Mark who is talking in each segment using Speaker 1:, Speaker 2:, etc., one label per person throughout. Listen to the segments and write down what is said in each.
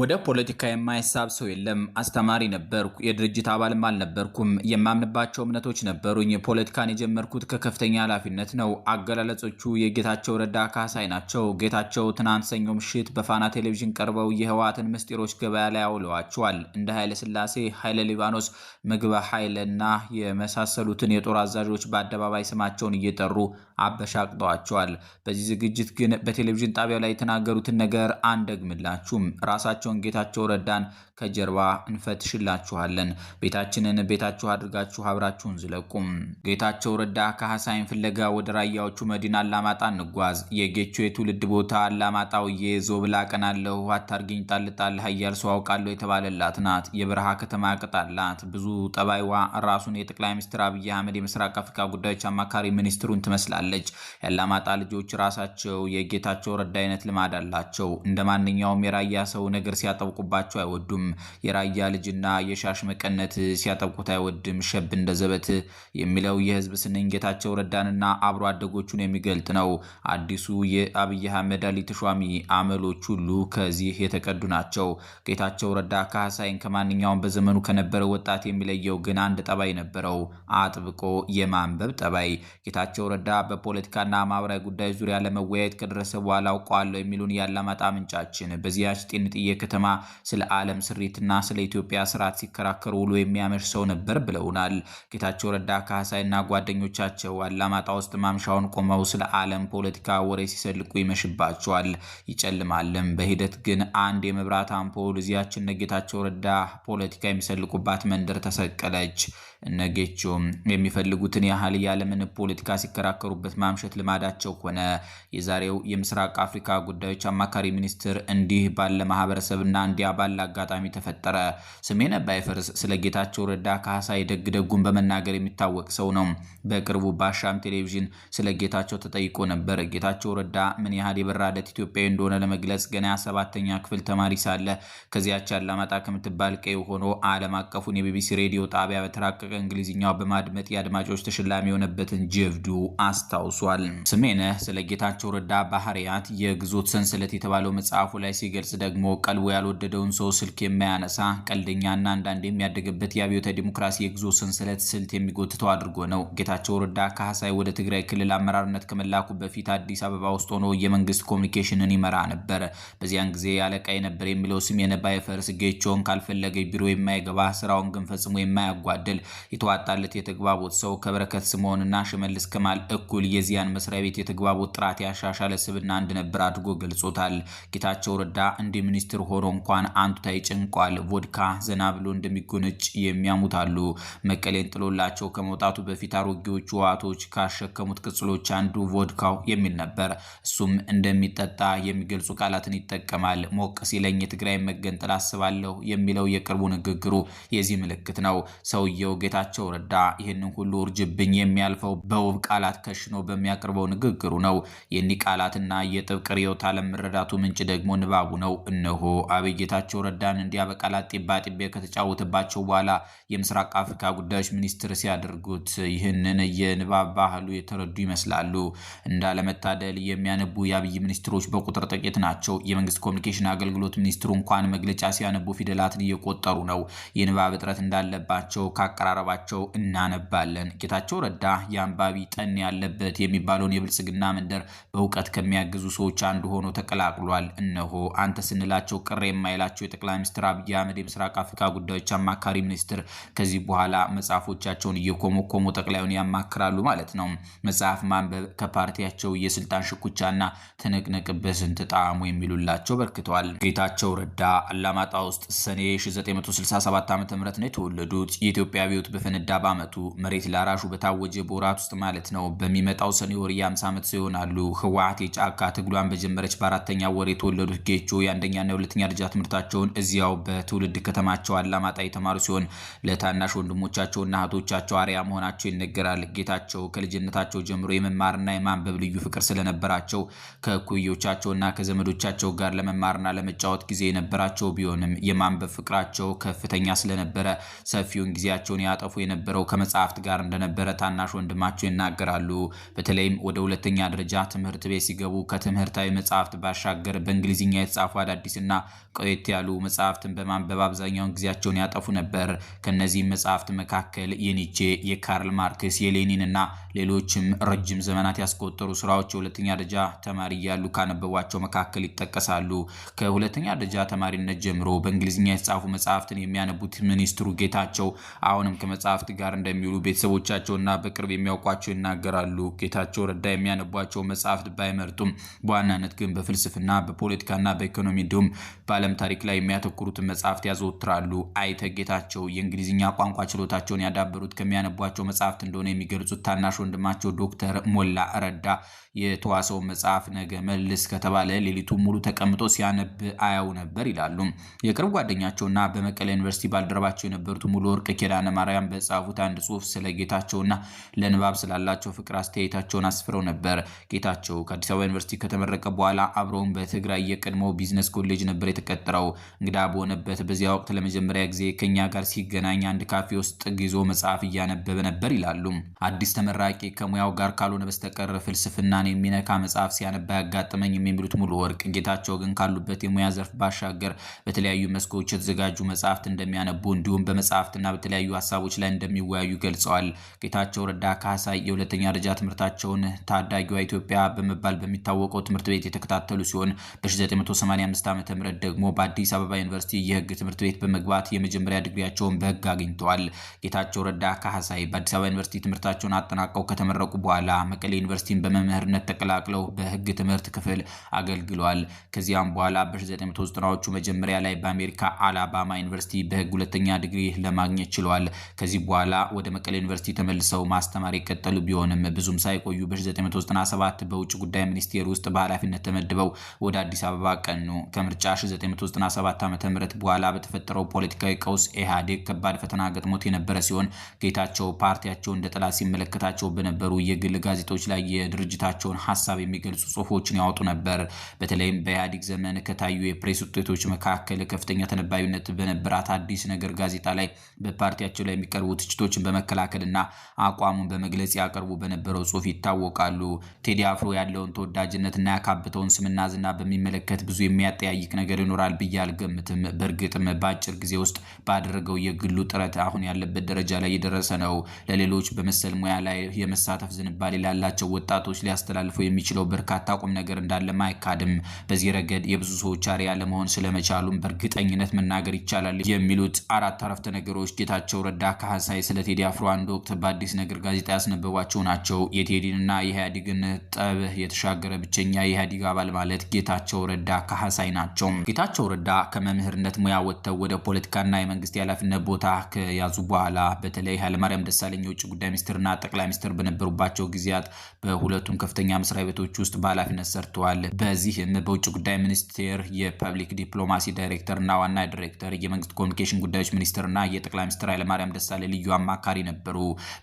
Speaker 1: ወደ ፖለቲካ የማይሳብ ሰው የለም። አስተማሪ ነበርኩ። የድርጅት አባልም አልነበርኩም። የማምንባቸው እምነቶች ነበሩኝ። ፖለቲካን የጀመርኩት ከከፍተኛ ኃላፊነት ነው። አገላለጾቹ የጌታቸው ረዳ ካሳይ ናቸው። ጌታቸው ትናንት ሰኞ ምሽት በፋና ቴሌቪዥን ቀርበው የህወሓትን ምስጢሮች ገበያ ላይ አውለዋቸዋል። እንደ ኃይለ ስላሴ፣ ኃይለ ሊባኖስ፣ ምግበ ኃይለና የመሳሰሉትን የጦር አዛዦች በአደባባይ ስማቸውን እየጠሩ አበሻቅጠዋቸዋል። በዚህ ዝግጅት ግን በቴሌቪዥን ጣቢያው ላይ የተናገሩትን ነገር አንደግምላችሁም። ራሳቸውን ጌታቸው ረዳን ከጀርባ እንፈትሽላችኋለን። ቤታችንን ቤታችሁ አድርጋችሁ አብራችሁን ዝለቁም። ጌታቸው ረዳ ከሐሳይን ፍለጋ ወደ ራያዎቹ መዲና አላማጣ እንጓዝ። የጌቹ የትውልድ ቦታ አላማጣውዬ ዞብላ ቀናለሁ አታርጊኝ ጣልጣል ሀያል ሰው አውቃለሁ የተባለላት ናት። የበረሃ ከተማ ቅጣላት ብዙ ጠባይዋ ራሱን የጠቅላይ ሚኒስትር አብይ አህመድ የምስራቅ አፍሪካ ጉዳዮች አማካሪ ሚኒስትሩን ትመስላለች። የአላማጣ ልጆች ራሳቸው የጌታቸው ረዳ አይነት ልማድ አላቸው። እንደ ማንኛውም የራያ ሰው ነገር ሲያጠብቁባቸው አይወዱም። የራያ ልጅና የሻሽ መቀነት ሲያጠብቁት አይወድም ሸብ እንደ ዘበት የሚለው የህዝብ ስንኝ ጌታቸው ረዳንና አብሮ አደጎቹን የሚገልጥ ነው። አዲሱ የአብይ አህመድ አሊ ተሿሚ አመሎች ሁሉ ከዚህ የተቀዱ ናቸው። ጌታቸው ረዳ ከሐሳይን ከማንኛውም በዘመኑ ከነበረ ወጣት የሚለየው ግን አንድ ጠባይ ነበረው፣ አጥብቆ የማንበብ ጠባይ። ጌታቸው ረዳ በፖለቲካና ማህበራዊ ጉዳይ ዙሪያ ለመወያየት ከደረሰ በኋላ አውቀዋለሁ የሚሉን ያላማጣ ምንጫችን በዚያች ጤንጥዬ ከተማ ስለ ዓለም ስሪትና ስለ ኢትዮጵያ ስርዓት ሲከራከሩ ውሎ የሚያመሽ ሰው ነበር ብለውናል። ጌታቸው ረዳ ካህሳይና ጓደኞቻቸው አላማጣ ውስጥ ማምሻውን ቆመው ስለ ዓለም ፖለቲካ ወሬ ሲሰልቁ ይመሽባቸዋል፣ ይጨልማልም። በሂደት ግን አንድ የመብራት አምፖል እዚያችን ጌታቸው ረዳ ፖለቲካ የሚሰልቁባት መንደር ተሰቀለች። እነጌችም የሚፈልጉትን ያህል ያለምን ፖለቲካ ሲከራከሩበት ማምሸት ልማዳቸው ሆነ። የዛሬው የምስራቅ አፍሪካ ጉዳዮች አማካሪ ሚኒስትር እንዲህ ባለ ማህበረሰብና እንዲያ ባለ አጋጣሚ አጋጣሚ ተፈጠረ። ስሜነ ባይፈርስ ስለ ጌታቸው ረዳ ካሳ የደግ ደጉን በመናገር የሚታወቅ ሰው ነው። በቅርቡ ባሻም ቴሌቪዥን ስለ ጌታቸው ተጠይቆ ነበር። ጌታቸው ረዳ ምን ያህል የበራለት ኢትዮጵያዊ እንደሆነ ለመግለጽ ገና ሰባተኛ ክፍል ተማሪ ሳለ ከዚያች አላማጣ ከምትባል ቀይ ሆኖ ዓለም አቀፉን የቢቢሲ ሬዲዮ ጣቢያ በተራቀቀ እንግሊዝኛው በማድመጥ የአድማጮች ተሸላሚ የሆነበትን ጀብዱ አስታውሷል። ስሜነህ ስለ ጌታቸው ረዳ ባህሪያት የግዞት ሰንሰለት የተባለው መጽሐፉ ላይ ሲገልጽ ደግሞ ቀልቦ ያልወደደውን ሰው ስልክ የማያነሳ ቀልደኛና አንዳንድ የሚያደግበት የአብዮተ ዲሞክራሲ የግዞ ሰንሰለት ስልት የሚጎትተው አድርጎ ነው። ጌታቸው ረዳ ካሳይ ወደ ትግራይ ክልል አመራርነት ከመላኩ በፊት አዲስ አበባ ውስጥ ሆኖ የመንግስት ኮሚኒኬሽንን ይመራ ነበር። በዚያን ጊዜ አለቃ ነበር የሚለው ስም የነባ የፈርስ ጌቾን ካልፈለገ ቢሮ የማይገባ ስራውን ግን ፈጽሞ የማያጓድል የተዋጣለት የተግባቦት ሰው ከበረከት ስምኦንና ሽመልስ ከማል እኩል የዚያን መስሪያ ቤት የተግባቦት ጥራት ያሻሻለ ስብና እንደነበር አድርጎ ገልጾታል። ጌታቸው ረዳ እንደ ሚኒስትር ሆኖ እንኳን አንቱታዊ ጭን ደንቋል። ቮድካ ዘና ብሎ እንደሚጎነጭ የሚያሙታሉ። መቀሌን ጥሎላቸው ከመውጣቱ በፊት አሮጌዎቹ ዋቶች ካሸከሙት ቅጽሎች አንዱ ቮድካው የሚል ነበር። እሱም እንደሚጠጣ የሚገልጹ ቃላትን ይጠቀማል። ሞቅ ሲለኝ የትግራይ መገንጠል አስባለሁ የሚለው የቅርቡ ንግግሩ የዚህ ምልክት ነው። ሰውየው ጌታቸው ረዳ ይህንን ሁሉ እርጅብኝ የሚያልፈው በውብ ቃላት ከሽኖ በሚያቀርበው ንግግሩ ነው። የኒህ ቃላትና የጥብቅ ርዕዮተ ዓለም መረዳቱ ምንጭ ደግሞ ንባቡ ነው። እነሆ አብይ ጌታቸው ረዳን ያበቃል ጢባ ጢቤ ከተጫወተባቸው በኋላ የምስራቅ አፍሪካ ጉዳዮች ሚኒስትር ሲያደርጉት ይህንን የንባብ ባህሉ የተረዱ ይመስላሉ። እንዳለመታደል የሚያነቡ የአብይ ሚኒስትሮች በቁጥር ጥቂት ናቸው። የመንግስት ኮሚኒኬሽን አገልግሎት ሚኒስትሩ እንኳን መግለጫ ሲያነቡ ፊደላትን እየቆጠሩ ነው። የንባብ እጥረት እንዳለባቸው ካቀራረባቸው እናነባለን። ጌታቸው ረዳ የአንባቢ ጠን ያለበት የሚባለውን የብልጽግና መንደር በእውቀት ከሚያግዙ ሰዎች አንዱ ሆኖ ተቀላቅሏል። እነሆ አንተ ስንላቸው ቅር የማይላቸው የጠቅላይ ሚኒስትር ዶክተር አብይ አህመድ የምስራቅ አፍሪካ ጉዳዮች አማካሪ ሚኒስትር ከዚህ በኋላ መጽሐፎቻቸውን እየኮመኮሙ ጠቅላዩን ያማክራሉ ማለት ነው። መጽሐፍ ማንበብ ከፓርቲያቸው የስልጣን ሽኩቻና ትንቅንቅ በስንት ጣዕሙ የሚሉላቸው በርክተዋል። ጌታቸው ረዳ አላማጣ ውስጥ ሰኔ 1967 ዓ ም ነው የተወለዱት። የኢትዮጵያ አብዮት በፈነዳ በዓመቱ መሬት ላራሹ በታወጀ በወራት ውስጥ ማለት ነው በሚመጣው ሰኔ ወር የ50 ዓመት ሰው ይሆናሉ። ህወሓት የጫካ ትግሏን በጀመረች በአራተኛ ወር የተወለዱት ጌቾ የአንደኛና የሁለተኛ ደረጃ ትምህርታቸውን እዚያ ያው በትውልድ ከተማቸው አላማጣ የተማሩ ሲሆን ለታናሽ ወንድሞቻቸውና እህቶቻቸው አርያ መሆናቸው ይነገራል። ጌታቸው ከልጅነታቸው ጀምሮ የመማርና የማንበብ ልዩ ፍቅር ስለነበራቸው ከኩዮቻቸውና ከዘመዶቻቸው ጋር ለመማርና ለመጫወት ጊዜ የነበራቸው ቢሆንም የማንበብ ፍቅራቸው ከፍተኛ ስለነበረ ሰፊውን ጊዜያቸውን ያጠፉ የነበረው ከመጽሐፍት ጋር እንደነበረ ታናሽ ወንድማቸው ይናገራሉ። በተለይም ወደ ሁለተኛ ደረጃ ትምህርት ቤት ሲገቡ ከትምህርታዊ መጽሐፍት ባሻገር በእንግሊዝኛ የተጻፉ አዳዲስና ቆየት ያሉ መጽሐፍ መጽሐፍትን በማንበብ አብዛኛውን ጊዜያቸውን ያጠፉ ነበር። ከእነዚህም መጽሐፍት መካከል የኒቼ፣ የካርል ማርክስ፣ የሌኒን እና ሌሎችም ረጅም ዘመናት ያስቆጠሩ ስራዎች የሁለተኛ ደረጃ ተማሪ እያሉ ካነበቧቸው መካከል ይጠቀሳሉ። ከሁለተኛ ደረጃ ተማሪነት ጀምሮ በእንግሊዝኛ የተጻፉ መጽሐፍትን የሚያነቡት ሚኒስትሩ ጌታቸው አሁንም ከመጽሐፍት ጋር እንደሚውሉ ቤተሰቦቻቸውና በቅርብ የሚያውቋቸው ይናገራሉ። ጌታቸው ረዳ የሚያነቧቸው መጽሐፍት ባይመርጡም በዋናነት ግን በፍልስፍና በፖለቲካና በኢኮኖሚ እንዲሁም በዓለም ታሪክ ላይ የሚያተኩ የሚሞክሩትን መጽሐፍት ያዘወትራሉ። አይተ ጌታቸው የእንግሊዝኛ ቋንቋ ችሎታቸውን ያዳበሩት ከሚያነቧቸው መጽሐፍት እንደሆነ የሚገልጹት ታናሽ ወንድማቸው ዶክተር ሞላ ረዳ የተዋሰው መጽሐፍ ነገ መልስ ከተባለ ሌሊቱ ሙሉ ተቀምጦ ሲያነብ አያው ነበር ይላሉ። የቅርብ ጓደኛቸውና በመቀለ ዩኒቨርሲቲ ባልደረባቸው የነበሩት ሙሉ ወርቅ ኪዳነ ማርያም በጻፉት አንድ ጽሁፍ ስለ ጌታቸውና ለንባብ ስላላቸው ፍቅር አስተያየታቸውን አስፍረው ነበር። ጌታቸው ከአዲስ አበባ ዩኒቨርሲቲ ከተመረቀ በኋላ አብረውን በትግራይ የቀድሞ ቢዝነስ ኮሌጅ ነበር የተቀጠረው። እንግዳ በሆነበት በዚያ ወቅት ለመጀመሪያ ጊዜ ከኛ ጋር ሲገናኝ አንድ ካፌ ውስጥ ጥግ ይዞ መጽሐፍ እያነበበ ነበር ይላሉ። አዲስ ተመራቂ ከሙያው ጋር ካልሆነ በስተቀር ፍልስፍናን የሚነካ መጽሐፍ ሲያነባ ያጋጥመኝ የሚሉት ሙሉ ወርቅ ጌታቸው ግን ካሉበት የሙያ ዘርፍ ባሻገር በተለያዩ መስኮች የተዘጋጁ መጽሐፍት እንደሚያነቡ እንዲሁም በመጽሐፍትና በተለያዩ ሀሳቦች ላይ እንደሚወያዩ ገልጸዋል። ጌታቸው ረዳ ካሳይ የሁለተኛ ደረጃ ትምህርታቸውን ታዳጊዋ ኢትዮጵያ በመባል በሚታወቀው ትምህርት ቤት የተከታተሉ ሲሆን በ1985 ዓ ም ደግሞ በአዲስ አበባ ዩኒቨርሲቲ ዩኒቨርሲቲ የህግ ትምህርት ቤት በመግባት የመጀመሪያ ድግሪያቸውን በህግ አግኝተዋል። ጌታቸው ረዳ ካህሳይ በአዲስ አበባ ዩኒቨርሲቲ ትምህርታቸውን አጠናቀው ከተመረቁ በኋላ መቀሌ ዩኒቨርሲቲን በመምህርነት ተቀላቅለው በህግ ትምህርት ክፍል አገልግሏል። ከዚያም በኋላ በ1990ዎቹ መጀመሪያ ላይ በአሜሪካ አላባማ ዩኒቨርሲቲ በህግ ሁለተኛ ድግሪ ለማግኘት ችሏል። ከዚህ በኋላ ወደ መቀሌ ዩኒቨርሲቲ ተመልሰው ማስተማር የቀጠሉ ቢሆንም ብዙም ሳይቆዩ በ1997 በውጭ ጉዳይ ሚኒስቴር ውስጥ በኃላፊነት ተመድበው ወደ አዲስ አበባ ቀኑ። ከምርጫ 1997 ዓ በኋላ በተፈጠረው ፖለቲካዊ ቀውስ ኢህአዴግ ከባድ ፈተና ገጥሞት የነበረ ሲሆን ጌታቸው ፓርቲያቸው እንደ ጠላት ሲመለከታቸው በነበሩ የግል ጋዜጦች ላይ የድርጅታቸውን ሀሳብ የሚገልጹ ጽሁፎችን ያወጡ ነበር። በተለይም በኢህአዴግ ዘመን ከታዩ የፕሬስ ውጤቶች መካከል ከፍተኛ ተነባቢነት በነበራት አዲስ ነገር ጋዜጣ ላይ በፓርቲያቸው ላይ የሚቀርቡ ትችቶችን በመከላከልና አቋሙን በመግለጽ ያቀርቡ በነበረው ጽሁፍ ይታወቃሉ። ቴዲ አፍሮ ያለውን ተወዳጅነትና ያካብተውን ስምና ዝና በሚመለከት ብዙ የሚያጠያይቅ ነገር ይኖራል ብዬ አልገምትም። በእርግጥም በአጭር ጊዜ ውስጥ ባደረገው የግሉ ጥረት አሁን ያለበት ደረጃ ላይ የደረሰ ነው። ለሌሎች በመሰል ሙያ ላይ የመሳተፍ ዝንባሌ ላላቸው ወጣቶች ሊያስተላልፈው የሚችለው በርካታ ቁም ነገር እንዳለም አይካድም። በዚህ ረገድ የብዙ ሰዎች አርአያ ለመሆን ስለመቻሉም በእርግጠኝነት መናገር ይቻላል የሚሉት አራት አረፍተ ነገሮች ጌታቸው ረዳ ካህሳይ ስለ ቴዲ አፍሮ አንድ ወቅት በአዲስ ነገር ጋዜጣ ያስነበቧቸው ናቸው። የቴዲንና የኢህአዴግን ጠብ የተሻገረ ብቸኛ የኢህአዴግ አባል ማለት ጌታቸው ረዳ ካህሳይ ናቸው። ጌታቸው ረዳ ከመምህር ከሚኒስትርነት ሙያ ወጥተው ወደ ፖለቲካና የመንግስት የኃላፊነት ቦታ ከያዙ በኋላ በተለይ ኃይለማርያም ደሳለኝ የውጭ ጉዳይ ሚኒስትርና ጠቅላይ ሚኒስትር በነበሩባቸው ጊዜያት በሁለቱም ከፍተኛ መስሪያ ቤቶች ውስጥ በኃላፊነት ሰርተዋል። በዚህም በውጭ ጉዳይ ሚኒስቴር የፐብሊክ ዲፕሎማሲ ዳይሬክተርና ዋና ዳይሬክተር፣ የመንግስት ኮሚኒኬሽን ጉዳዮች ሚኒስትርና የጠቅላይ ሚኒስትር ኃይለማርያም ደሳለኝ ልዩ አማካሪ ነበሩ።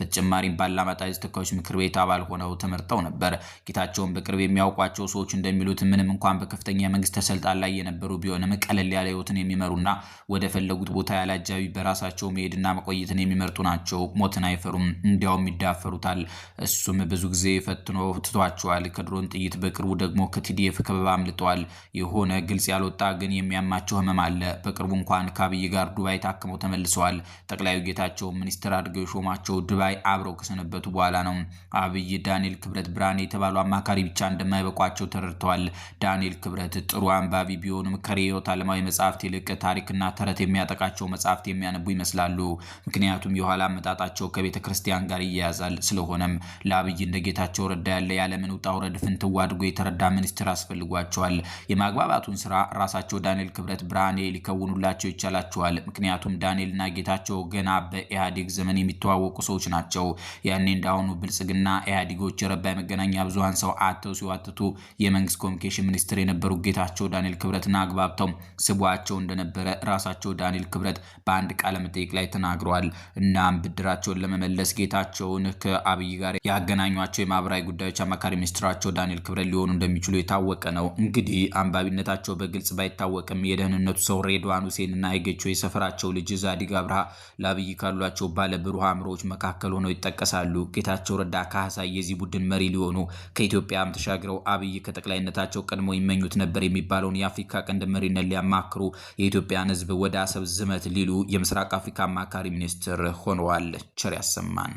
Speaker 1: በተጨማሪም በአላማጣ ሕዝብ ተወካዮች ምክር ቤት አባል ሆነው ተመርጠው ነበር። ጌታቸውን በቅርብ የሚያውቋቸው ሰዎች እንደሚሉት ምንም እንኳን በከፍተኛ የመንግስት ተሰልጣን ላይ የነበሩ ቢሆንም ቀለል ያለ ህይወትን ሕይወትን የሚመሩና ወደ ፈለጉት ቦታ ያለ አጃቢ በራሳቸው መሄድና መቆየትን የሚመርጡ ናቸው። ሞትን አይፈሩም፣ እንዲያውም ይዳፈሩታል። እሱም ብዙ ጊዜ ፈትኖ ትቷቸዋል። ከድሮን ጥይት በቅርቡ ደግሞ ከቲዲኤፍ ከበባ አምልጠዋል። የሆነ ግልጽ ያልወጣ ግን የሚያማቸው ህመም አለ። በቅርቡ እንኳን ከአብይ ጋር ዱባይ ታክመው ተመልሰዋል። ጠቅላዩ ጌታቸው ሚኒስትር አድርገው የሾማቸው ዱባይ አብረው ከሰነበቱ በኋላ ነው። አብይ ዳንኤል ክብረት ብርሃኔ የተባሉ አማካሪ ብቻ እንደማይበቋቸው ተረድተዋል። ዳንኤል ክብረት ጥሩ አንባቢ ቢሆንም ከርዕዮተ ዓለማዊ መጽሐፍ ከመጽሐፍት ይልቅ ታሪክና ተረት የሚያጠቃቸው መጽሐፍት የሚያነቡ ይመስላሉ። ምክንያቱም የኋላ አመጣጣቸው ከቤተ ክርስቲያን ጋር ይያያዛል። ስለሆነም ለአብይ እንደ ጌታቸው ረዳ ያለ የዓለምን ውጣ ውረድ ፍንትዋ አድርጎ የተረዳ ሚኒስትር አስፈልጓቸዋል። የማግባባቱን ስራ ራሳቸው ዳንኤል ክብረት ብርሃኔ ሊከውኑላቸው ይቻላቸዋል። ምክንያቱም ዳንኤልና ጌታቸው ገና በኢህአዴግ ዘመን የሚተዋወቁ ሰዎች ናቸው። ያኔ እንዳሁኑ ብልጽግና ኢህአዴጎች የረባ የመገናኛ ብዙሀን ሰው አተው ሲዋትቱ የመንግስት ኮሚኒኬሽን ሚኒስትር የነበሩ ጌታቸው ዳንኤል ክብረትን አግባብተው ስቧቸው ሲያስቸግራቸው እንደነበረ ራሳቸው ዳንኤል ክብረት በአንድ ቃለ መጠይቅ ላይ ተናግረዋል። እናም ብድራቸውን ለመመለስ ጌታቸውን ከአብይ ጋር ያገናኟቸው የማህበራዊ ጉዳዮች አማካሪ ሚኒስትራቸው ዳንኤል ክብረት ሊሆኑ እንደሚችሉ የታወቀ ነው። እንግዲህ አንባቢነታቸው በግልጽ ባይታወቅም የደህንነቱ ሰው ሬድዋን ሁሴን እና የሰፈራቸው ልጅ ዛዲግ አብርሃ ለአብይ ካሏቸው ባለ አእምሮዎች መካከል ሆነው ይጠቀሳሉ። ጌታቸው ረዳ ካህሳይ የዚህ ቡድን መሪ ሊሆኑ ከኢትዮጵያም ተሻግረው አብይ ከጠቅላይነታቸው ቀድሞ ይመኙት ነበር የሚባለውን የአፍሪካ ቀንድ መሪነት ሊያማክሩ የኢትዮጵያን ህዝብ ወደ አሰብ ዝመት ሊሉ የምስራቅ አፍሪካ አማካሪ ሚኒስትር ሆነዋል። ቸር ያሰማን።